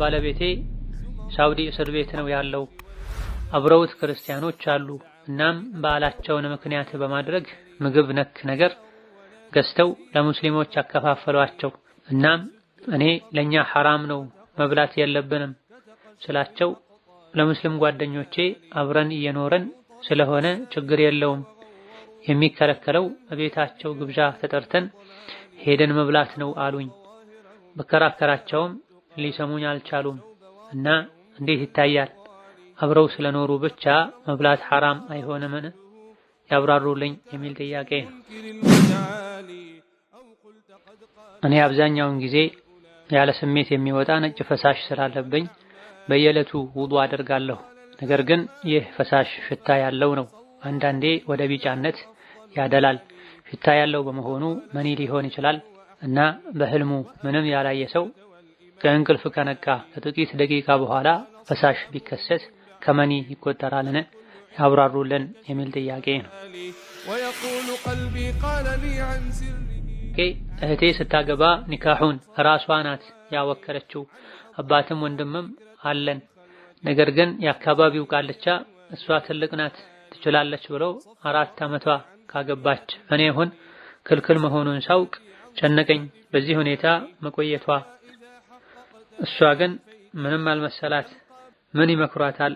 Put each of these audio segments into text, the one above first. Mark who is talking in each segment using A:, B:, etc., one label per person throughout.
A: ባለቤቴ ሳውዲ እስር ቤት ነው ያለው። አብረውት ክርስቲያኖች አሉ። እናም በዓላቸውን ምክንያት በማድረግ ምግብ ነክ ነገር ገዝተው ለሙስሊሞች አከፋፈሏቸው። እናም እኔ ለኛ ሐራም ነው መብላት የለብንም ስላቸው ለሙስሊም ጓደኞቼ አብረን እየኖረን ስለሆነ ችግር የለውም የሚከለከለው በቤታቸው ግብዣ ተጠርተን ሄደን መብላት ነው አሉኝ። መከራከራቸውም ሊሰሙኝ አልቻሉም እና እንዴት ይታያል? አብረው ስለኖሩ ብቻ መብላት ሐራም አይሆንምን? ያብራሩልኝ የሚል ጥያቄ ነው። እኔ አብዛኛውን ጊዜ ያለ ስሜት የሚወጣ ነጭ ፈሳሽ ስላለብኝ በየዕለቱ ውዱ አደርጋለሁ። ነገር ግን ይህ ፈሳሽ ሽታ ያለው ነው። አንዳንዴ ወደ ቢጫነት ያደላል። ሽታ ያለው በመሆኑ መኒ ሊሆን ይችላል እና በህልሙ ምንም ያላየ ሰው ከእንቅልፍ ከነቃ ከጥቂት ደቂቃ በኋላ ፈሳሽ ቢከሰት ከመኒ ይቆጠራልን? ያብራሩልን የሚል ጥያቄ ነው። እህቴ ስታገባ ኒካሑን ራሷ ናት ያወከለችው፣ አባትም ወንድምም አለን። ነገር ግን የአካባቢው ቃልቻ እሷ ትልቅ ናት ትችላለች ብለው አራት ዓመቷ ካገባች እኔ አሁን ክልክል መሆኑን ሳውቅ ጨነቀኝ። በዚህ ሁኔታ መቆየቷ እሷ ግን ምንም አልመሰላት። ምን ይመክሯታል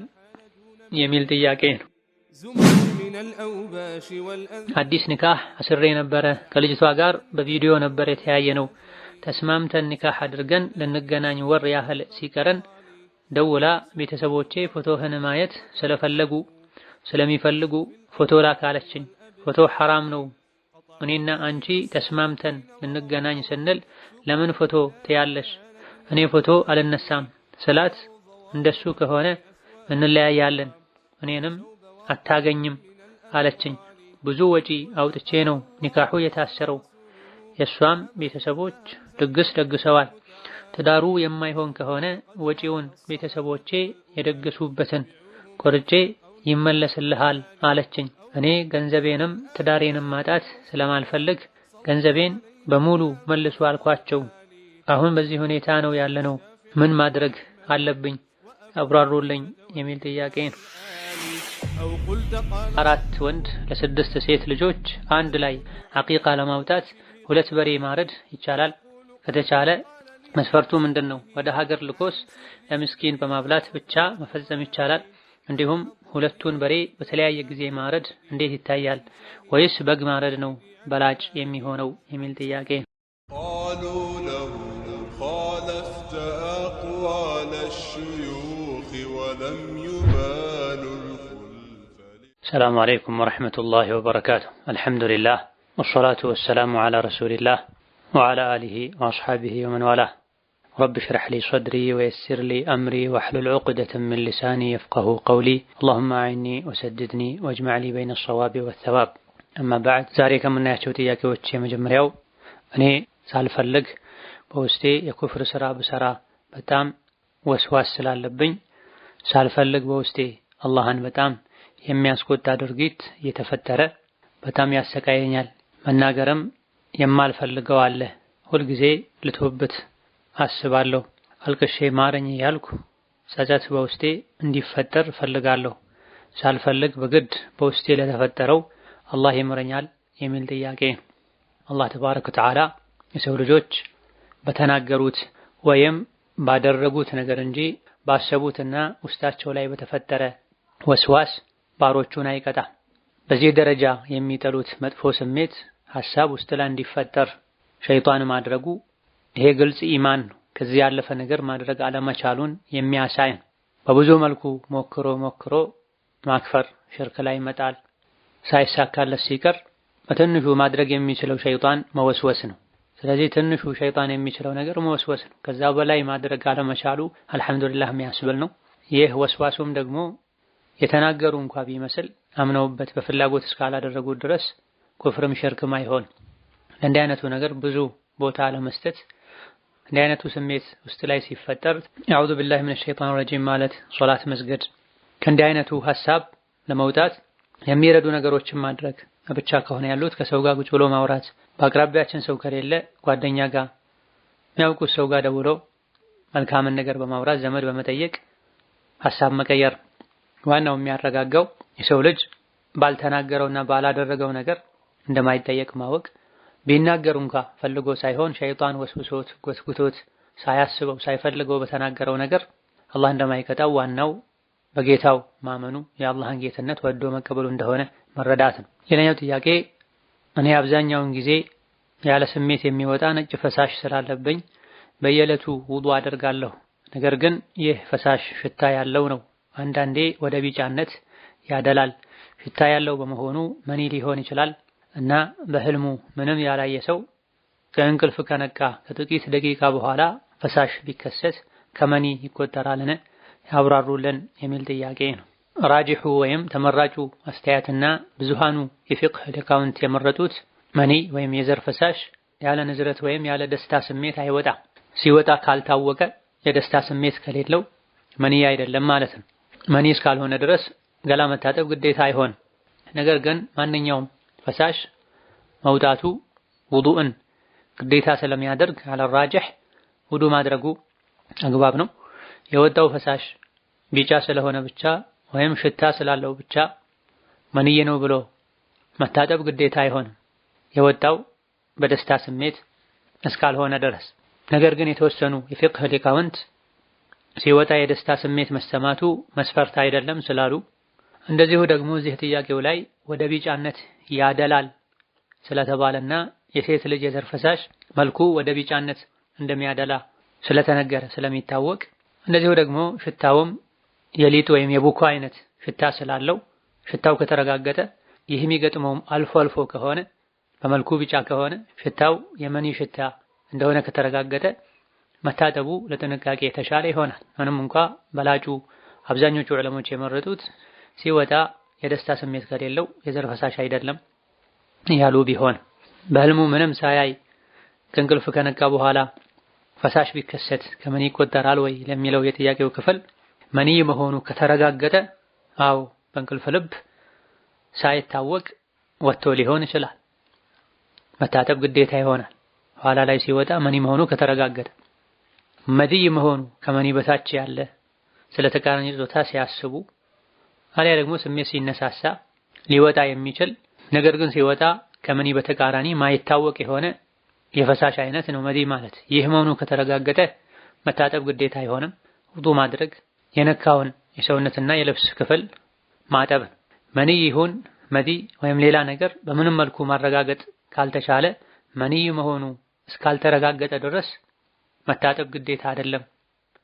A: የሚል ጥያቄ ነው። አዲስ ኒካህ አስሬ ነበረ። ከልጅቷ ጋር በቪዲዮ ነበር የተያየ ነው። ተስማምተን ኒካህ አድርገን ልንገናኝ ወር ያህል ሲቀረን ደውላ ቤተሰቦቼ ፎቶህን ማየት ስለፈለጉ ስለሚፈልጉ ፎቶ ላክ አለችኝ። ፎቶ ሐራም ነው እኔና አንቺ ተስማምተን እንገናኝ ስንል ለምን ፎቶ ትያለሽ? እኔ ፎቶ አልነሳም ስላት እንደሱ ከሆነ እንለያያለን፣ እኔንም አታገኝም አለችኝ። ብዙ ወጪ አውጥቼ ነው ኒካሑ የታሰረው። የእሷም ቤተሰቦች ድግስ ደግሰዋል። ትዳሩ የማይሆን ከሆነ ወጪውን ቤተሰቦቼ የደገሱበትን ቆርጬ ይመለስልሃል አለችኝ። እኔ ገንዘቤንም ትዳሬንም ማጣት ስለማልፈልግ ገንዘቤን በሙሉ መልሱ አልኳቸው። አሁን በዚህ ሁኔታ ነው ያለነው፣ ምን ማድረግ አለብኝ አብራሩልኝ የሚል ጥያቄ ነው። አራት ወንድ ለስድስት ሴት ልጆች አንድ ላይ አቂቃ ለማውጣት ሁለት በሬ ማረድ ይቻላል? ከተቻለ መስፈርቱ ምንድን ነው? ወደ ሀገር ልኮስ ለምስኪን በማብላት ብቻ መፈጸም ይቻላል? እንዲሁም ሁለቱን በሬ በተለያየ ጊዜ ማረድ እንዴት ይታያል? ወይስ በግ ማረድ ነው በላጭ የሚሆነው የሚል ጥያቄ ነው።
B: ሰላሙ አለይኩም ወረሕመቱላሂ ወበረካቱ። አልሐምዱሊላህ ወሰላቱ ወሰላሙ ዓላ ረሱሊላህ ወዓላ አሊሂ ወአስሓቢሂ ወመንዋላህ رب اشرح لي صدري ويسر لي أمري واحلل عقدة من لساني يفقه قولي اللهم أعني وسددني واجمع لي بين الصواب والثواب أما بعد زاري كم ناشوتي يا كوتشي مجمريو أني سالف اللق بوستي يكفر سرا بسرا بتام وسواس سلال لبين سالف اللق بوستي الله أن بتام يمي أسكوت تادرقيت يتفتر بتام ياسكاينيال من ناقرم يمال فلقوا الله والقزي لتوبت አስባለሁ። አልቅሼ ማረኝ ያልኩ ጸጸት በውስጤ እንዲፈጠር እፈልጋለሁ። ሳልፈልግ በግድ በውስጤ ለተፈጠረው አላህ ይምረኛል የሚል ጥያቄ። አላህ ተባረከ ወተዓላ የሰው ልጆች በተናገሩት ወይም ባደረጉት ነገር እንጂ ባሰቡትና ውስጣቸው ላይ በተፈጠረ ወስዋስ ባሮቹን አይቀጣ። በዚህ ደረጃ የሚጠሉት መጥፎ ስሜት ሐሳብ ውስጥ ላይ እንዲፈጠር ሸይጣን ማድረጉ ይሄ ግልጽ ኢማን ነው። ከዚህ ያለፈ ነገር ማድረግ አለመቻሉን የሚያሳይ ነው። በብዙ መልኩ ሞክሮ ሞክሮ ማክፈር፣ ሽርክ ላይ መጣል ሳይሳካለት ሲቀር በትንሹ ማድረግ የሚችለው ሸይጣን መወስወስ ነው። ስለዚህ ትንሹ ሸይጣን የሚችለው ነገር መወስወስ ነው። ከዛ በላይ ማድረግ አለመቻሉ አልሐምዱሊላህ የሚያስብል ነው። ይህ ወስዋሱም ደግሞ የተናገሩ እንኳ ቢመስል አምነውበት በፍላጎት እስካላደረጉት ድረስ ኩፍርም ሽርክም አይሆን። ለእንዲህ አይነቱ ነገር ብዙ ቦታ አለመስጠት እንዲህ አይነቱ ስሜት ውስጥ ላይ ሲፈጠር አዑዙ ቢላሂ ሚነ ሸይጣን ረጂም ማለት ሶላት መስገድ፣ ከእንዲህ አይነቱ ሀሳብ ለመውጣት የሚረዱ ነገሮችን ማድረግ ብቻ ከሆነ ያሉት ከሰው ጋር ቁጭ ብሎ ማውራት፣ በአቅራቢያችን ሰው ከሌለ ጓደኛ ጋር የሚያውቁት ሰው ጋር ደውሎ መልካምን ነገር በማውራት ዘመድ በመጠየቅ ሀሳብ መቀየር። ዋናው የሚያረጋጋው የሰው ልጅ ባልተናገረውና ባላደረገው ነገር እንደማይጠየቅ ማወቅ ቢናገሩ እንኳ ፈልጎ ሳይሆን ሸይጣን ወስውሶት ጎትጉቶት ሳያስበው ሳይፈልገው በተናገረው ነገር አላህ እንደማይቀጣው ዋናው በጌታው ማመኑ የአላህን ጌትነት ወዶ መቀበሉ እንደሆነ መረዳት ነው። ሌላኛው ጥያቄ እኔ አብዛኛውን ጊዜ ያለ ስሜት የሚወጣ ነጭ ፈሳሽ ስላለብኝ በየዕለቱ ውዱ አደርጋለሁ። ነገር ግን ይህ ፈሳሽ ሽታ ያለው ነው። አንዳንዴ ወደ ቢጫነት ያደላል። ሽታ ያለው በመሆኑ መኒ ሊሆን ይችላል እና በህልሙ ምንም ያላየ ሰው ከእንቅልፍ ከነቃ ከጥቂት ደቂቃ በኋላ ፈሳሽ ቢከሰት ከመኒ ይቆጠራልን? ያብራሩልን የሚል ጥያቄ ነው። ራጅሑ ወይም ተመራጩ አስተያየትና ብዙሃኑ የፊቅህ ሊቃውንት የመረጡት መኒ ወይም የዘር ፈሳሽ ያለ ንዝረት ወይም ያለ ደስታ ስሜት አይወጣም። ሲወጣ ካልታወቀ የደስታ ስሜት ከሌለው መኒ አይደለም ማለት ነው። መኒ እስካልሆነ ድረስ ገላ መታጠብ ግዴታ አይሆንም። ነገር ግን ማንኛውም ፈሳሽ መውጣቱ ውዱእን ግዴታ ስለሚያደርግ አለራጅህ ውዱ ማድረጉ አግባብ ነው። የወጣው ፈሳሽ ቢጫ ስለሆነ ብቻ ወይም ሽታ ስላለው ብቻ መንዬ ነው ብሎ መታጠብ ግዴታ አይሆንም። የወጣው በደስታ ስሜት እስካልሆነ ድረስ። ነገር ግን የተወሰኑ የፊቅህ ሊቃውንት ሲወጣ የደስታ ስሜት መሰማቱ መስፈርት አይደለም ስላሉ እንደዚሁ ደግሞ እዚህ ጥያቄው ላይ ወደ ቢጫነት ያደላል ስለተባለና የሴት ልጅ የዘር ፈሳሽ መልኩ ወደ ቢጫነት እንደሚያደላ ስለተነገረ ስለሚታወቅ እንደዚሁ ደግሞ ሽታውም የሊጥ ወይም የቡኩ አይነት ሽታ ስላለው ሽታው ከተረጋገጠ ይህ የሚገጥመውም አልፎ አልፎ ከሆነ በመልኩ ቢጫ ከሆነ ሽታው የመኒ ሽታ እንደሆነ ከተረጋገጠ መታጠቡ ለጥንቃቄ የተሻለ ይሆናል። ምንም እንኳ በላጩ አብዛኞቹ ዕለሞች የመረጡት ሲወጣ የደስታ ስሜት ከሌለው የዘር ፈሳሽ አይደለም ያሉ ቢሆን በህልሙ ምንም ሳያይ ከእንቅልፍ ከነቃ በኋላ ፈሳሽ ቢከሰት ከመኒ ይቆጠራል ወይ ለሚለው የጥያቄው ክፍል መኒ መሆኑ ከተረጋገጠ አው በእንቅልፍ ልብ ሳይታወቅ ወጥቶ ሊሆን ይችላል። መታጠብ ግዴታ ይሆናል። ኋላ ላይ ሲወጣ መኒ መሆኑ ከተረጋገጠ መድይ መሆኑ ከመኒ በታች ያለ ስለ ተቃራኒ ጾታ ሲያስቡ አሊያ ደግሞ ስሜት ሲነሳሳ ሊወጣ የሚችል ነገር ግን ሲወጣ ከመኒ በተቃራኒ ማይታወቅ የሆነ የፈሳሽ አይነት ነው መዲ ማለት። ይህ መሆኑ ከተረጋገጠ መታጠብ ግዴታ አይሆንም። ውጡ ማድረግ የነካውን የሰውነትና የልብስ ክፍል ማጠብ። መኒ ይሁን መዲ ወይም ሌላ ነገር በምንም መልኩ ማረጋገጥ ካልተቻለ መኒ መሆኑ እስካልተረጋገጠ ድረስ መታጠብ ግዴታ አይደለም።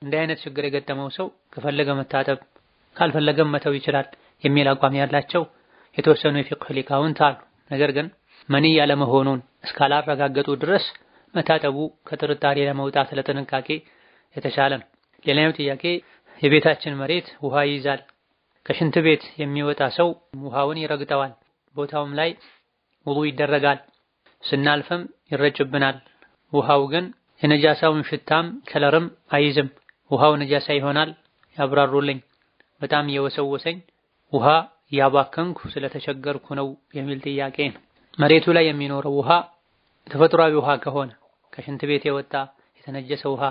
B: እንዲህ አይነት ችግር የገጠመው ሰው ከፈለገ መታጠብ ካልፈለገም መተው ይችላል የሚል አቋም ያላቸው የተወሰኑ የፊቅህ ሊቃውንት አሉ። ነገር ግን መኒ ያለመሆኑን እስካላረጋገጡ ድረስ መታጠቡ ከጥርጣሬ ለመውጣት ለጥንቃቄ የተሻለ ነው። ሌላኛው ጥያቄ የቤታችን መሬት ውሃ ይይዛል። ከሽንት ቤት የሚወጣ ሰው ውሃውን ይረግጠዋል። ቦታውም ላይ ውሉ ይደረጋል። ስናልፍም ይረጭብናል። ውሃው ግን የነጃሳውን ሽታም ከለርም አይዝም። ውሃው ነጃሳ ይሆናል። ያብራሩልኝ። በጣም የወሰወሰኝ ውሃ ያባከንኩ ስለተቸገርኩ ነው የሚል ጥያቄ ነው። መሬቱ ላይ የሚኖረው ውሃ ተፈጥሯዊ ውሃ ከሆነ ከሽንት ቤት የወጣ የተነጀሰ ውሃ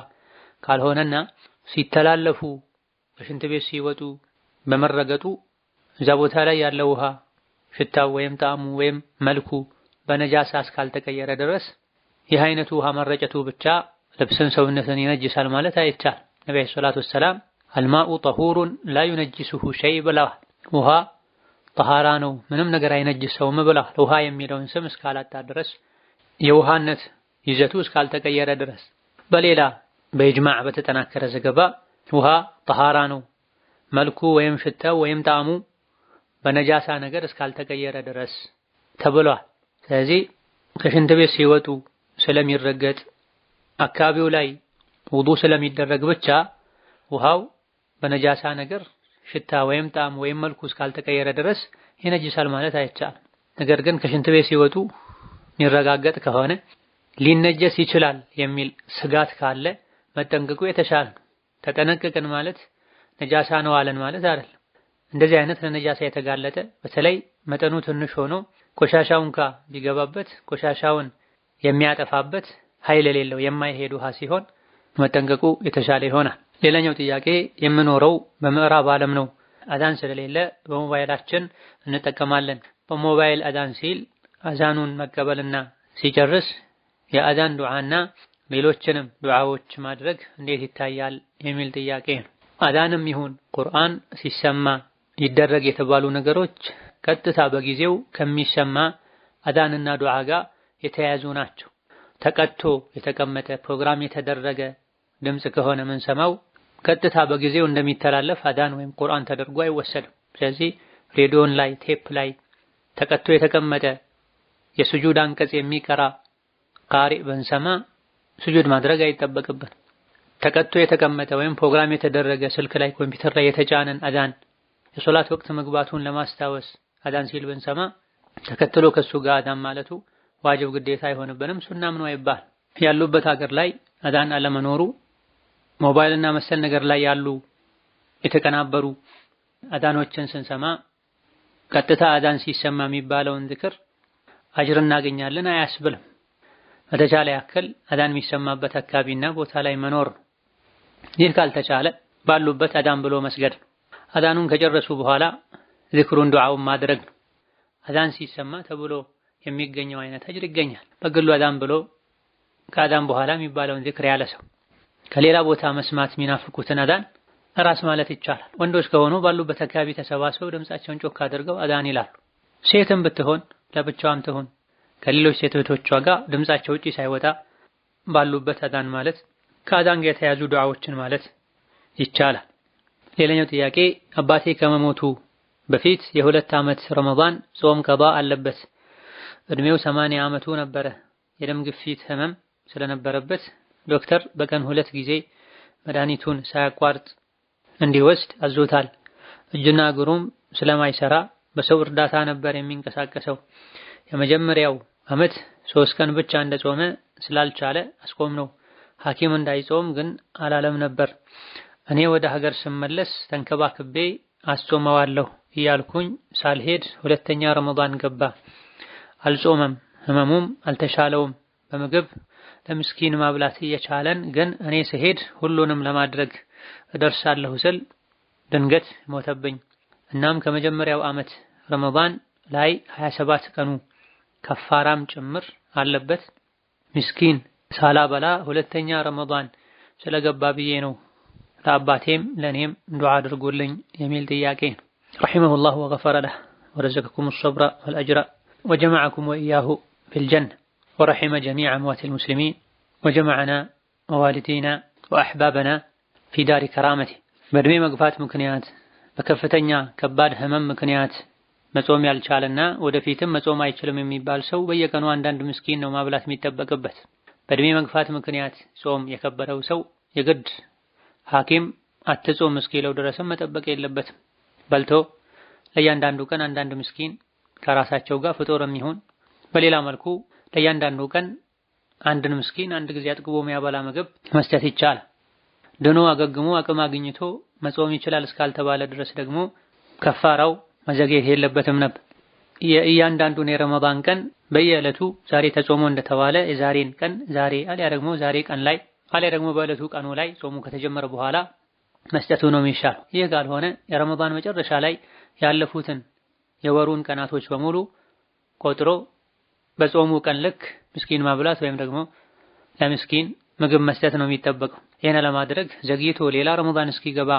B: ካልሆነና ሲተላለፉ በሽንት ቤት ሲወጡ በመረገጡ እዛ ቦታ ላይ ያለ ውሃ ሽታው ወይም ጣዕሙ ወይም መልኩ በነጃሳ እስካልተቀየረ ድረስ ይህ አይነቱ ውሃ መረጨቱ ብቻ ልብስን ሰውነትን ይነጅሳል ማለት አይቻል። ነቢ ሰላቱ ወሰላም አልማኡ ጠሁሩን ላ ዩነጅሱሁ ሸይ ብለዋል። ውሃ ጠሃራ ነው ምንም ነገር አይነጅሰውም ብለዋል። ውሃ የሚለውን ስም እስካላጣ ድረስ የውሃነት ይዘቱ እስካልተቀየረ ድረስ በሌላ በኢጅማዕ በተጠናከረ ዘገባ ውሃ ጠሃራ ነው መልኩ ወይም ሽታው ወይም ጣዕሙ በነጃሳ ነገር እስካልተቀየረ ድረስ ተብሏል። ስለዚህ ከሽንት ቤት ሲወጡ ስለሚረገጥ አካባቢው ላይ ውዱእ ስለሚደረግ ብቻ ውሃው በነጃሳ ነገር ሽታ ወይም ጣም ወይም መልኩ እስካልተቀየረ ድረስ ይነጅሳል ማለት አይቻልም። ነገር ግን ከሽንት ቤት ሲወጡ የሚረጋገጥ ከሆነ ሊነጀስ ይችላል የሚል ስጋት ካለ መጠንቀቁ የተሻለ ነው። ማለት ነጃሳ ነው አለን ማለት አይደል። እንደዚህ አይነት ለነጃሳ የተጋለጠ በተለይ መጠኑ ትንሽ ሆኖ ቆሻሻው እንኳ ቢገባበት ቆሻሻውን የሚያጠፋበት ኃይል የሌለው የማይሄድ ውሃ ሲሆን መጠንቀቁ የተሻለ ይሆናል። ሌላኛው ጥያቄ የምኖረው በምዕራብ ዓለም ነው። አዛን ስለሌለ በሞባይላችን እንጠቀማለን። በሞባይል አዛን ሲል አዛኑን መቀበልና ሲጨርስ የአዛን ዱዓና ሌሎችንም ዱዓዎች ማድረግ እንዴት ይታያል የሚል ጥያቄ ነው። አዛንም ይሁን ቁርአን ሲሰማ ይደረግ የተባሉ ነገሮች ቀጥታ በጊዜው ከሚሰማ አዛንና ዱዓ ጋር የተያያዙ ናቸው። ተቀጥቶ የተቀመጠ ፕሮግራም የተደረገ ድምፅ ከሆነ ምን ሰማው ቀጥታ በጊዜው እንደሚተላለፍ አዳን ወይም ቁርአን ተደርጎ አይወሰድም። ስለዚህ ሬዲዮን ላይ ቴፕ ላይ ተቀቶ የተቀመጠ የስጁድ አንቀጽ የሚቀራ ቃሪእ ብንሰማ ስጁድ ማድረግ አይጠበቅብን። ተቀቶ የተቀመጠ ወይም ፕሮግራም የተደረገ ስልክ ላይ ኮምፒውተር ላይ የተጫነን አዳን የሶላት ወቅት መግባቱን ለማስታወስ አዳን ሲል ብንሰማ ተከትሎ ከሱ ጋር አዳን ማለቱ ዋጅብ ግዴታ አይሆንብንም፣ ሱናም ነው አይባል። ያሉበት ሀገር ላይ አዳን አለመኖሩ ሞባይልና መሰል ነገር ላይ ያሉ የተቀናበሩ አዳኖችን ስንሰማ ቀጥታ አዳን ሲሰማ የሚባለውን ዝክር አጅር እናገኛለን አያስብልም። በተቻለ ያክል አዳን የሚሰማበት አካባቢና ቦታ ላይ መኖር ነው። ይህ ካልተቻለ ባሉበት አዳን ብሎ መስገድ ነው። አዳኑን ከጨረሱ በኋላ ዝክሩን ዱዓውን ማድረግ ነው። አዳን ሲሰማ ተብሎ የሚገኘው አይነት አጅር ይገኛል። በግሉ አዳን ብሎ ከአዳን በኋላ የሚባለውን ዝክር ያለ ሰው ከሌላ ቦታ መስማት የሚናፍቁትን አዳን ራስ ማለት ይቻላል። ወንዶች ከሆኑ ባሉበት አካባቢ ተሰባስበው ድምጻቸውን ጮክ አድርገው አዳን ይላሉ። ሴትም ብትሆን ለብቻዋም ትሆን ከሌሎች ሴት እህቶቿ ጋር ድምጻቸው ውጪ ሳይወጣ ባሉበት አዳን ማለት ከአዳን ጋር የተያዙ ዱዓዎችን ማለት ይቻላል። ሌላኛው ጥያቄ አባቴ ከመሞቱ በፊት የሁለት ዓመት ረመዳን ጾም ቀባ አለበት። እድሜው ሰማንያ ዓመቱ ነበረ። የደም ግፊት ህመም ስለነበረበት ዶክተር በቀን ሁለት ጊዜ መድኃኒቱን ሳያቋርጥ እንዲወስድ አዞታል። እጅና እግሩም ስለማይሰራ በሰው እርዳታ ነበር የሚንቀሳቀሰው። የመጀመሪያው አመት ሶስት ቀን ብቻ እንደጾመ ስላልቻለ አስቆም ነው። ሐኪም እንዳይጾም ግን አላለም ነበር። እኔ ወደ ሀገር ስመለስ ተንከባክቤ አስጾመዋለሁ እያልኩኝ ሳልሄድ ሁለተኛ ረመዳን ገባ። አልጾመም፣ ህመሙም አልተሻለውም። በምግብ ለምስኪን ማብላት እየቻለን ግን እኔ ስሄድ ሁሉንም ለማድረግ እደርሳለሁ ስል ድንገት ሞተብኝ። እናም ከመጀመሪያው ዓመት ረመዳን ላይ 27 ቀኑ ከፋራም ጭምር አለበት። ምስኪን ሳላበላ ሁለተኛ ረመዳን ስለገባ ብዬ ነው። ለአባቴም ለእኔም ዱዓ አድርጎልኝ የሚል ጥያቄ ነው። ረሒመሁላህ ወገፈረ ለህ ወረዘቀኩም ሰብራ ወልአጅራ ወጀመዐኩም ወኢያሁ ፊልጀና ورحم جميع أموات المسلمين وجمعنا ووالدينا وأحبابنا في دار كرامته በዕድሜ መግፋት ምክንያት በከፍተኛ ከባድ ህመም ምክንያት መጾም ያልቻለና ወደፊትም መጾም አይችልም የሚባል ሰው በየቀኑ አንዳንድ ምስኪን ነው ማብላት የሚጠበቅበት። በእድሜ መግፋት ምክንያት ጾም የከበረው ሰው የግድ ሐኪም አትጾም እስኪለው ድረስም መጠበቅ የለበትም። በልቶ ለእያንዳንዱ ቀን አንዳንድ ምስኪን ከራሳቸው ጋር ፍጡር የሚሆን በሌላ መልኩ ለእያንዳንዱ ቀን አንድን ምስኪን አንድ ጊዜ አጥግቦ የሚያበላ ምግብ መስጠት ይቻላል። ድኖ አገግሞ አቅም አግኝቶ መጾም ይችላል እስካልተባለ ድረስ ደግሞ ከፋራው መዘግየት የለበትም ነበር። የእያንዳንዱን የረመዳን ቀን በየዕለቱ ዛሬ ተጾሞ እንደተባለ የዛሬን ቀን ዛሬ አሊያ ደግሞ ዛሬ ቀን ላይ አሊያ ደግሞ በዕለቱ ቀኑ ላይ ጾሙ ከተጀመረ በኋላ መስጠቱ ነው የሚሻለው። ይህ ካልሆነ የረመዳን መጨረሻ ላይ ያለፉትን የወሩን ቀናቶች በሙሉ ቆጥሮ በጾሙ ቀን ልክ ምስኪን ማብላት ወይም ደግሞ ለምስኪን ምግብ መስጠት ነው የሚጠበቀው። ይህን ለማድረግ ዘግይቶ ሌላ ረመዳን እስኪገባ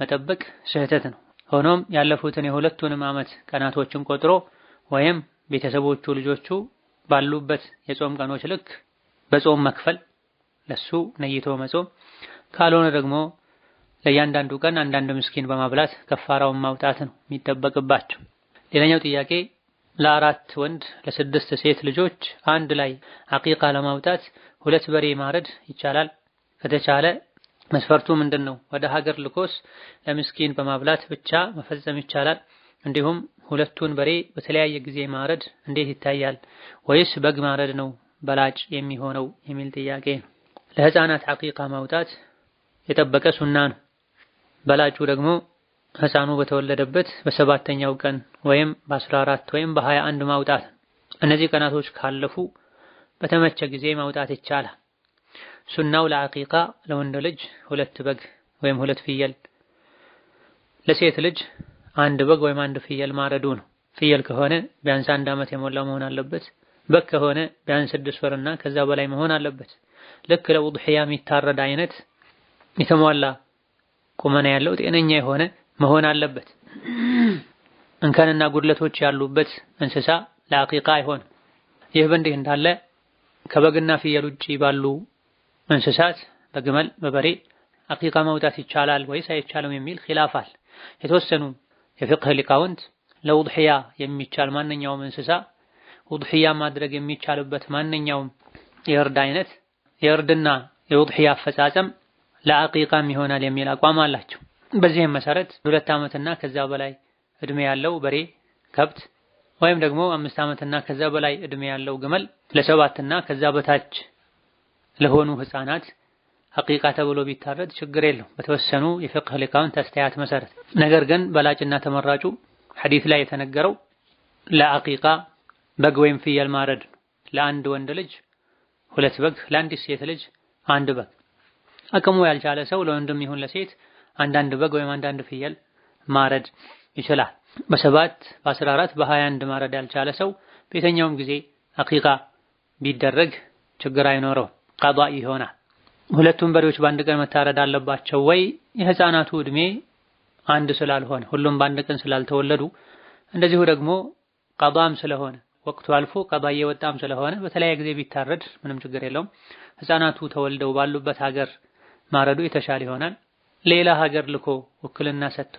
B: መጠበቅ ስህተት ነው። ሆኖም ያለፉትን የሁለቱንም ዓመት ቀናቶችን ቆጥሮ ወይም ቤተሰቦቹ ልጆቹ ባሉበት የጾም ቀኖች ልክ በጾም መክፈል ለሱ ነይቶ መጾም፣ ካልሆነ ደግሞ ለእያንዳንዱ ቀን አንዳንድ ምስኪን በማብላት ከፋራውን ማውጣት ነው የሚጠበቅባቸው። ሌላኛው ጥያቄ ለአራት ወንድ ለስድስት ሴት ልጆች አንድ ላይ አቂቃ ለማውጣት ሁለት በሬ ማረድ ይቻላል። ከተቻለ መስፈርቱ ምንድን ነው? ወደ ሀገር ልኮስ ለምስኪን በማብላት ብቻ መፈጸም ይቻላል? እንዲሁም ሁለቱን በሬ በተለያየ ጊዜ ማረድ እንዴት ይታያል? ወይስ በግ ማረድ ነው በላጭ የሚሆነው የሚል ጥያቄ ነው። ለህፃናት አቂቃ ማውጣት የጠበቀ ሱና ነው። በላጩ ደግሞ ህፃኑ በተወለደበት በሰባተኛው ቀን ወይም በ14 ወይም በ21 ማውጣት እነዚህ ቀናቶች ካለፉ በተመቸ ጊዜ ማውጣት ይቻላል። ሱናው ለአቂቃ ለወንድ ልጅ ሁለት በግ ወይም ሁለት ፍየል፣ ለሴት ልጅ አንድ በግ ወይም አንድ ፍየል ማረዱ ነው። ፍየል ከሆነ ቢያንስ አንድ ዓመት የሞላው መሆን አለበት። በግ ከሆነ ቢያንስ ስድስት ወርና ከዛ በላይ መሆን አለበት። ልክ ለውድሕያ የሚታረድ አይነት የተሟላ ቁመና ያለው ጤነኛ የሆነ መሆን አለበት። እንከንና ጉድለቶች ያሉበት እንስሳ ለአቂቃ አይሆንም። ይህ በእንዲህ እንዳለ ከበግና ፍየል ውጪ ባሉ እንስሳት በግመል በበሬ አቂቃ ማውጣት ይቻላል ወይስ አይቻልም የሚል ኺላፋል። የተወሰኑ የፍቅህ ሊቃውንት ለውድሕያ የሚቻል ማንኛውም እንስሳ ውድሕያ ማድረግ የሚቻልበት ማንኛውም የእርድ አይነት የእርድና የውድሕያ አፈጻጸም ለአቂቃም ይሆናል የሚል አቋም አላቸው። በዚህም መሰረት ሁለት ዓመትና ከዛ በላይ እድሜ ያለው በሬ ከብት ወይም ደግሞ አምስት ዓመትና ከዛ በላይ እድሜ ያለው ግመል ለሰባትና ከዛ በታች ለሆኑ ህፃናት ሐቂቃ ተብሎ ቢታረድ ችግር የለው በተወሰኑ የፍቅህ ሊቃውንት አስተያየት መሰረት። ነገር ግን በላጭና ተመራጩ ሐዲስ ላይ የተነገረው ለአቂቃ በግ ወይም ፍየል ማረድ ነው። ለአንድ ወንድ ልጅ ሁለት በግ፣ ለአንዲት ሴት ልጅ አንድ በግ። አቅሙ ያልቻለ ሰው ለወንድም ይሁን ለሴት አንዳንድ በግ ወይም አንዳንድ ፍየል ማረድ ይችላል። በሰባት በአስራ አራት በሀያ አንድ ማረድ ያልቻለ ሰው በየትኛውም ጊዜ አቂቃ ቢደረግ ችግር አይኖረው ቀዷ ይሆናል። ሁለቱም በሬዎች በአንድ ቀን መታረድ አለባቸው ወይ? የህፃናቱ እድሜ አንድ ስላልሆነ ሁሉም በአንድ ቀን ስላልተወለዱ እንደዚሁ ደግሞ ቀዷም ስለሆነ ወቅቱ አልፎ ቀዷ እየወጣም ስለሆነ በተለያየ ጊዜ ቢታረድ ምንም ችግር የለውም። ህፃናቱ ተወልደው ባሉበት ሀገር ማረዱ የተሻለ ይሆናል። ሌላ ሀገር ልኮ ውክልና ሰጥቶ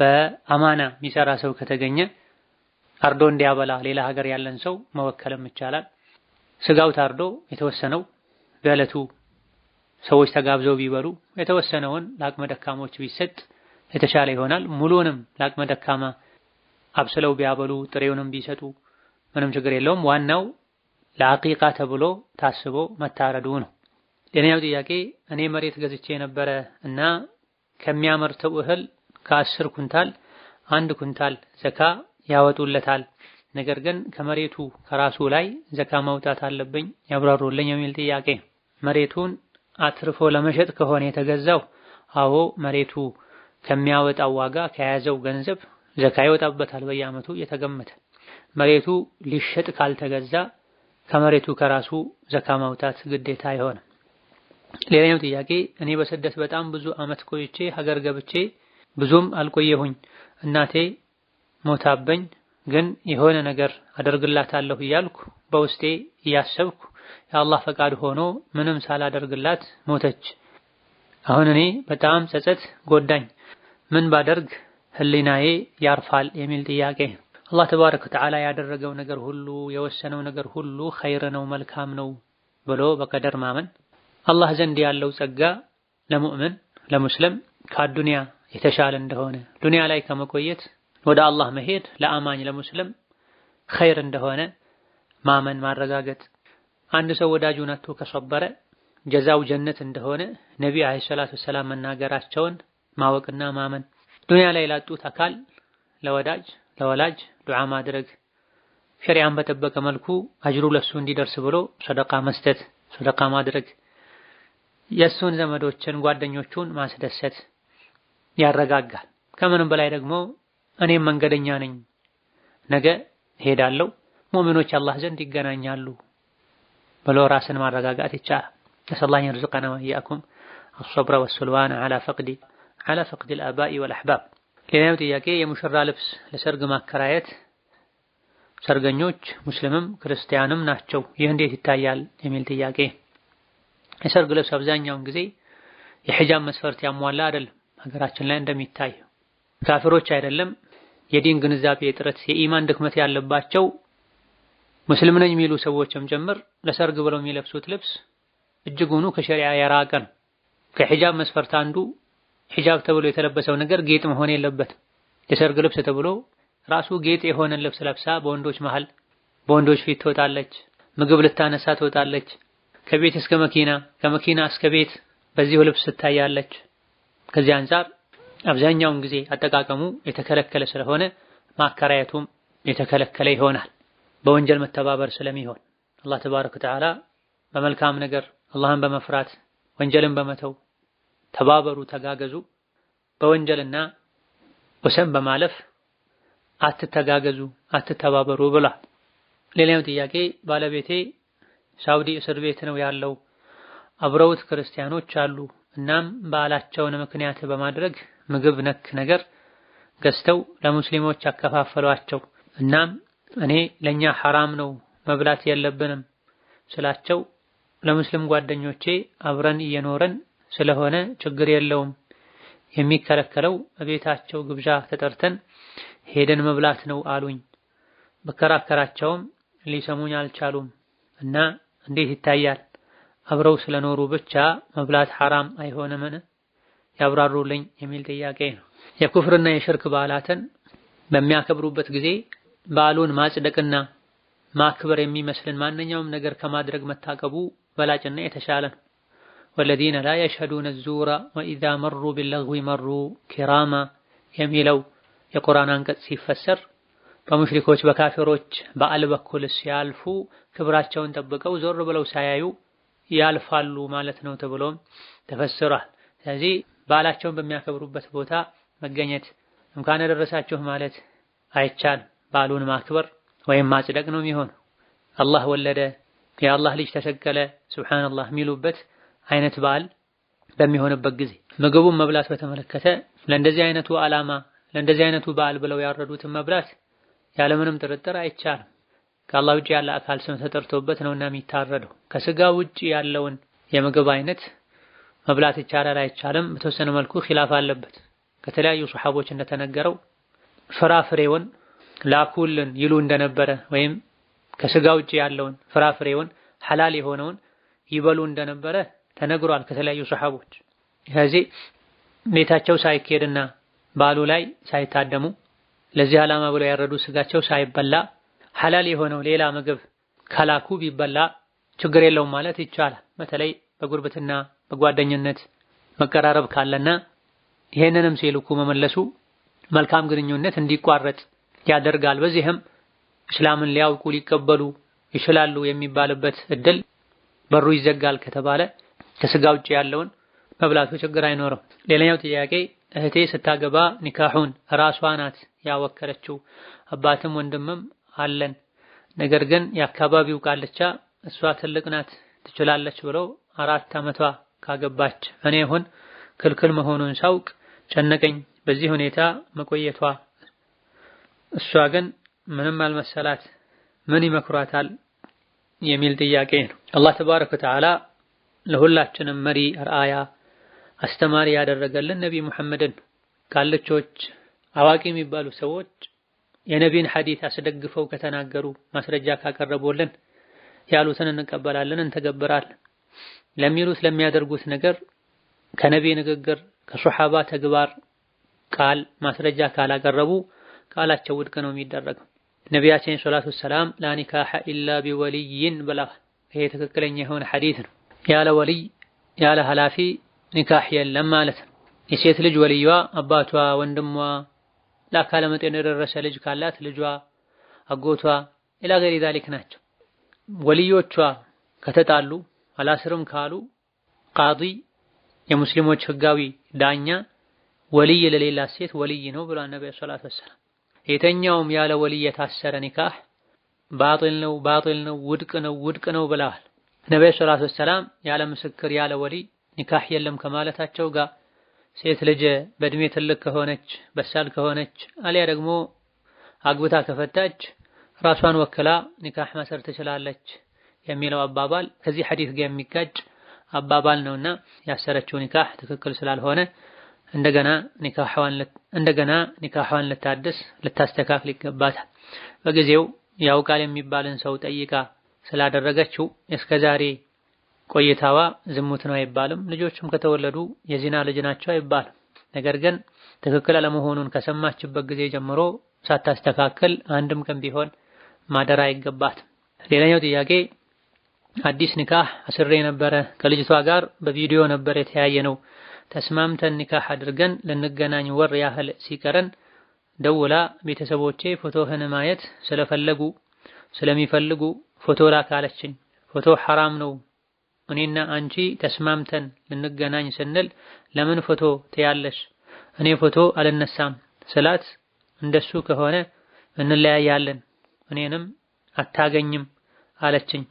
B: በአማና የሚሰራ ሰው ከተገኘ አርዶ እንዲያበላ ሌላ ሀገር ያለን ሰው መወከልም ይቻላል። ስጋው ታርዶ የተወሰነው በዕለቱ ሰዎች ተጋብዘው ቢበሉ የተወሰነውን ለአቅመ ደካሞች ቢሰጥ የተሻለ ይሆናል። ሙሉንም ለአቅመ ደካማ አብስለው ቢያበሉ ጥሬውንም ቢሰጡ ምንም ችግር የለውም። ዋናው ለአቂቃ ተብሎ ታስቦ መታረዱ ነው። ሌላኛው ጥያቄ እኔ መሬት ገዝቼ የነበረ እና ከሚያመርተው እህል ከአስር ኩንታል አንድ ኩንታል ዘካ ያወጡለታል። ነገር ግን ከመሬቱ ከራሱ ላይ ዘካ ማውጣት አለብኝ ያብራሩልኝ የሚል ጥያቄ። መሬቱን አትርፎ ለመሸጥ ከሆነ የተገዛው አዎ፣ መሬቱ ከሚያወጣው ዋጋ ከያዘው ገንዘብ ዘካ ይወጣበታል በየዓመቱ የተገመተ። መሬቱ ሊሸጥ ካልተገዛ ከመሬቱ ከራሱ ዘካ ማውጣት ግዴታ አይሆንም። ሌላኛው ጥያቄ እኔ በስደት በጣም ብዙ ዓመት ቆይቼ ሀገር ገብቼ ብዙም አልቆየሁኝ እናቴ ሞታበኝ፣ ግን የሆነ ነገር አደርግላታለሁ እያልኩ በውስጤ እያሰብኩ የአላህ ፈቃድ ሆኖ ምንም ሳላደርግላት ሞተች። አሁን እኔ በጣም ጸጸት ጎዳኝ፣ ምን ባደርግ ህሊናዬ ያርፋል? የሚል ጥያቄ። አላህ ተባረከ ወተዓላ ያደረገው ነገር ሁሉ የወሰነው ነገር ሁሉ ኸይር ነው መልካም ነው ብሎ በቀደር ማመን አላህ ዘንድ ያለው ጸጋ ለሙእምን ለሙስልም ከአዱንያ የተሻለ እንደሆነ ዱንያ ላይ ከመቆየት ወደ አላህ መሄድ ለአማኝ ለሙስልም ኸይር እንደሆነ ማመን ማረጋገጥ። አንድ ሰው ወዳጁን አጥቶ ከሰበረ ጀዛው ጀነት እንደሆነ ነቢ አለይሂ ሰላቱ ሰላም መናገራቸውን ማወቅና ማመን። ዱንያ ላይ ላጡት አካል ለወዳጅ ለወላጅ ዱዓ ማድረግ፣ ሸሪዓን በጠበቀ መልኩ አጅሩ ለሱ እንዲደርስ ብሎ ሰደቃ መስጠት፣ ሰደቃ ማድረግ፣ የሱን ዘመዶችን ጓደኞቹን ማስደሰት ያረጋጋል። ከምንም በላይ ደግሞ እኔም መንገደኛ ነኝ፣ ነገ እሄዳለሁ ሙእሚኖች አላህ ዘንድ ይገናኛሉ ብሎ ራስን ማረጋጋት ይቻላል። ነስአላህ የርዝቀና ወኢያኩም አልሶብረ ወሱልዋን ዐላ ፈቅዲ ዐላ ፈቅዲ አልአባኢ ወልአሕባብ። ሌላው ጥያቄ የሙሽራ ልብስ ለሰርግ ማከራየት ሰርገኞች ሙስሊምም ክርስቲያንም ናቸው፣ ይህ እንዴት ይታያል የሚል ጥያቄ። የሰርግ ልብስ አብዛኛውን ጊዜ የሒጃብ መስፈርት ያሟላ አይደለም። ሀገራችን ላይ እንደሚታይ ካፊሮች አይደለም የዲን ግንዛቤ እጥረት የኢማን ድክመት ያለባቸው ሙስሊም ነኝ የሚሉ ሰዎችም ጭምር ለሰርግ ብለው የሚለብሱት ልብስ እጅጉኑ ከሸሪዓ የራቀ ነው። ከሒጃብ መስፈርት አንዱ ሒጃብ ተብሎ የተለበሰው ነገር ጌጥ መሆን የለበትም። የሰርግ ልብስ ተብሎ ራሱ ጌጥ የሆነ ልብስ ለብሳ በወንዶች መሃል በወንዶች ፊት ትወጣለች። ምግብ ልታነሳ ትወጣለች። ከቤት እስከ መኪና፣ ከመኪና እስከ ቤት በዚሁ ልብስ ትታያለች። ከዚህ አንፃር አብዛኛውን ጊዜ አጠቃቀሙ የተከለከለ ስለሆነ ማከራየቱም የተከለከለ ይሆናል። በወንጀል መተባበር ስለሚሆን አላህ ተባረከ ወተዓላ በመልካም ነገር አላህን በመፍራት ወንጀልን በመተው ተባበሩ፣ ተጋገዙ። በወንጀልና ወሰን በማለፍ አትተጋገዙ፣ አትተባበሩ ብሏል። ሌላኛው ጥያቄ ባለቤቴ ሳውዲ እስር ቤት ነው ያለው፣ አብረውት ክርስቲያኖች አሉ እናም በዓላቸውን ምክንያት በማድረግ ምግብ ነክ ነገር ገዝተው ለሙስሊሞች አከፋፈሏቸው። እናም እኔ ለኛ ሐራም ነው መብላት የለብንም ስላቸው ለሙስሊም ጓደኞቼ አብረን እየኖረን ስለሆነ ችግር የለውም የሚከለከለው እቤታቸው ግብዣ ተጠርተን ሄደን መብላት ነው አሉኝ። በከራከራቸውም ሊሰሙኝ አልቻሉም እና እንዴት ይታያል አብረው ስለኖሩ ብቻ መብላት ሐራም አይሆንምን? ያብራሩልኝ የሚል ጥያቄ ነው። የኩፍርና የሽርክ በዓላትን በሚያከብሩበት ጊዜ በዓሉን ማጽደቅና ማክበር የሚመስልን ማንኛውም ነገር ከማድረግ መታቀቡ በላጭና የተሻለ ነው። ወለዚነ ላ የሽሀዱነ ዙራ ወኢዛ መሩ ቢለግዊ መሩ ኪራማ የሚለው የቁርአን አንቀጽ ሲፈሰር በሙሽሪኮች በካፊሮች በዓል በኩል ሲያልፉ ክብራቸውን ጠብቀው ዞር ብለው ሳያዩ ያልፋሉ ማለት ነው ተብሎም ተፈስሯል። ስለዚህ በዓላቸውን በሚያከብሩበት ቦታ መገኘት እንኳን ደረሳችሁ ማለት አይቻልም። በዓሉን ማክበር ወይም ማጽደቅ ነው የሚሆን። አላህ ወለደ፣ የአላህ ልጅ ተሰቀለ፣ ሱብሃንአላህ የሚሉበት አይነት በዓል በሚሆንበት ጊዜ ምግቡን መብላት በተመለከተ ለእንደዚህ አይነቱ ዓላማ ለእንደዚህ አይነቱ በዓል ብለው ያረዱትን መብላት ያለምንም ጥርጥር አይቻልም። ከአላህ ውጭ ያለ አካል ስም ተጠርቶበት ነውና የሚታረደው። ከስጋ ውጭ ያለውን የምግብ አይነት መብላት ይቻላል አይቻልም፣ በተወሰነ መልኩ ኪላፍ አለበት። ከተለያዩ ሱሐቦች እንደተነገረው ፍራፍሬውን ላኩልን ይሉ እንደነበረ ወይም ከስጋ ውጭ ያለውን ፍራፍሬውን ሐላል የሆነውን ይበሉ እንደነበረ ተነግሯል ከተለያዩ ሱሐቦች። ስለዚህ ቤታቸው ሳይኬድና ባሉ ላይ ሳይታደሙ ለዚህ ዓላማ ብለው ያረዱ ስጋቸው ሳይበላ ሐላል የሆነው ሌላ ምግብ ከላኩ ቢበላ ችግር የለውም ማለት ይቻላል። በተለይ በጉርብትና በጓደኝነት መቀራረብ ካለና ይህንንም ሲልኩ መመለሱ መልካም ግንኙነት እንዲቋረጥ ያደርጋል። በዚህም እስላምን ሊያውቁ ሊቀበሉ ይችላሉ የሚባልበት እድል በሩ ይዘጋል ከተባለ ከስጋ ውጭ ያለውን መብላቱ ችግር አይኖረው። ሌላኛው ጥያቄ እህቴ ስታገባ ኒካሁን ራሷ ናት ያወከለችው አባትም ወንድምም አለን። ነገር ግን የአካባቢው ቃልቻ እሷ ትልቅ ናት ትችላለች ብሎ አራት ዓመቷ ካገባች እኔ ሁን ክልክል መሆኑን ሳውቅ ጨነቀኝ። በዚህ ሁኔታ መቆየቷ እሷ ግን ምንም አልመሰላት። ምን ይመክሯታል የሚል ጥያቄ ነው። አላህ ተባረከ ወተዓላ ለሁላችንም መሪ ርአያ አስተማሪ ያደረገልን ነቢይ ሙሐመድን ቃልቾች አዋቂ የሚባሉ ሰዎች የነቢን ሐዲት አስደግፈው ከተናገሩ ማስረጃ ካቀረቡልን ያሉትን እንቀበላለን፣ እንተገብራለን ለሚሉት ለሚያደርጉት ነገር ከነቢ ንግግር ከሱሐባ ተግባር ቃል ማስረጃ ካላቀረቡ ቃላቸው ውድቅ ነው የሚደረገው። ነቢያችን ሰላቱ ሰላም ላኒካሐ ኢላ ቢወልይን ብላ ይሄ ትክክለኛ የሆነ ሐዲት ነው። ያለ ወልይ ያለ ኃላፊ ኒካህ የለም ማለት ነው። የሴት ልጅ ወልዩዋ አባቷ፣ ወንድሟ ለአካለ መጠን የደረሰ ልጅ ካላት ልጇ፣ አጎቷ ኢላ ገይሪ ዛሊክ ናቸው። ወልዮቿ ከተጣሉ አላስርም ካሉ ቃዲ የሙስሊሞች ህጋዊ ዳኛ ወልይ ለሌላት ሴት ወልይ ነው ብሏል ነብዩ ሰለላሁ ዐለይሂ የተኛውም ያለ ወልይ የታሰረ ኒካህ ባጢል ነው ባጢል ነው ውድቅ ነው ውድቅ ነው ብለዋል ነብዩ ሰለላሁ ዐለይሂ ያለ ምስክር ያለ ወልይ ኒካህ የለም ከማለታቸው ጋር ሴት ልጅ በእድሜ ትልቅ ከሆነች በሳል ከሆነች አሊያ ደግሞ አግብታ ከፈታች ራሷን ወክላ ኒካህ ማሰር ትችላለች የሚለው አባባል ከዚህ ሐዲስ ጋር የሚጋጭ አባባል ነውና ያሰረችው ኒካህ ትክክል ስላልሆነ እንደገና ኒካህዋን እንደገና ኒካህዋን ልታድስ ልታስተካክል ይገባታል። በጊዜው ያውቃል የሚባልን ሰው ጠይቃ ስላደረገችው እስከዛሬ ቆይታዋ ዝሙት ነው አይባልም። ልጆችም ከተወለዱ የዚና ልጅ ናቸው አይባልም። ነገር ግን ትክክል አለመሆኑን ከሰማችበት ጊዜ ጀምሮ ሳታስተካክል አንድም ቀን ቢሆን ማደር አይገባትም። ሌላኛው ጥያቄ አዲስ ኒካህ አስሬ ነበረ። ከልጅቷ ጋር በቪዲዮ ነበር የተያየ ነው። ተስማምተን ኒካህ አድርገን ልንገናኝ ወር ያህል ሲቀረን ደውላ ቤተሰቦቼ ፎቶህን ማየት ስለፈለጉ ስለሚፈልጉ ፎቶ ላክ አለችኝ። ፎቶ ሐራም ነው እኔና አንቺ ተስማምተን ልንገናኝ ስንል ለምን ፎቶ ትያለሽ? እኔ ፎቶ አልነሳም ስላት እንደሱ ከሆነ እንለያያለን እኔንም አታገኝም አለችኝ።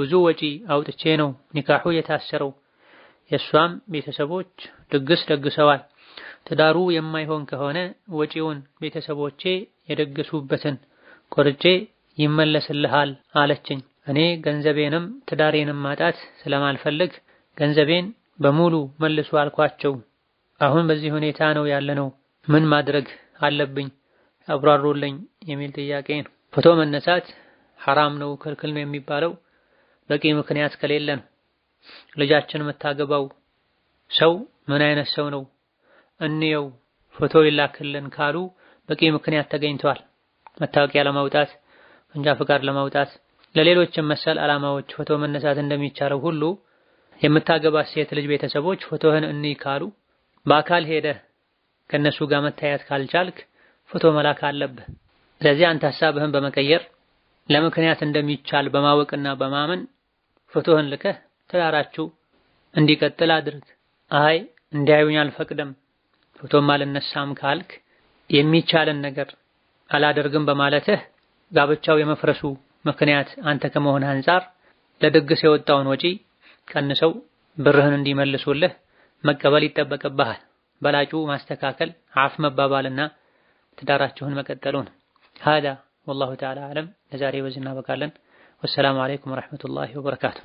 B: ብዙ ወጪ አውጥቼ ነው ኒካሑ የታሰረው። የእሷም ቤተሰቦች ድግስ ደግሰዋል። ትዳሩ የማይሆን ከሆነ ወጪውን ቤተሰቦቼ የደገሱበትን ቆርጬ ይመለስልሃል አለችኝ። እኔ ገንዘቤንም ትዳሬንም ማጣት ስለማልፈልግ ገንዘቤን በሙሉ መልሱ አልኳቸው። አሁን በዚህ ሁኔታ ነው ያለነው፣ ምን ማድረግ አለብኝ አብራሩልኝ የሚል ጥያቄ ነው። ፎቶ መነሳት ሐራም ነው ክልክል ነው የሚባለው በቂ ምክንያት ከሌለ ነው። ልጃችን የምታገባው ሰው ምን አይነት ሰው ነው እንየው ፎቶ ይላክልን ካሉ በቂ ምክንያት ተገኝተዋል። መታወቂያ ለማውጣት፣ መንጃ ፈቃድ ለማውጣት ለሌሎችም መሰል ዓላማዎች ፎቶ መነሳት እንደሚቻለው ሁሉ የምታገባ ሴት ልጅ ቤተሰቦች ፎቶህን እንይ ካሉ በአካል ሄደህ ከነሱ ጋር መታየት ካልቻልክ ፎቶ መላክ አለብህ። ስለዚህ አንተ ሀሳብህን በመቀየር ለምክንያት እንደሚቻል በማወቅና በማመን ፎቶህን ልከህ ትዳራችሁ እንዲቀጥል አድርግ። አይ እንዲያዩኝ አልፈቅድም፣ ፎቶም አልነሳም ካልክ የሚቻልን ነገር አላደርግም በማለትህ ጋብቻው የመፍረሱ ምክንያት አንተ ከመሆን አንጻር ለድግስ የወጣውን ወጪ ቀንሰው ብርህን እንዲመልሱልህ መቀበል ይጠበቅብሃል። በላጩ ማስተካከል አፍ መባባልና ትዳራችሁን መቀጠሉን ሀዳ ወላሁ ተዓላ አለም። ለዛሬ በዚህ እናበቃለን። ወሰላሙ አለይኩም ወረሕመቱላሂ ወበረካቱ።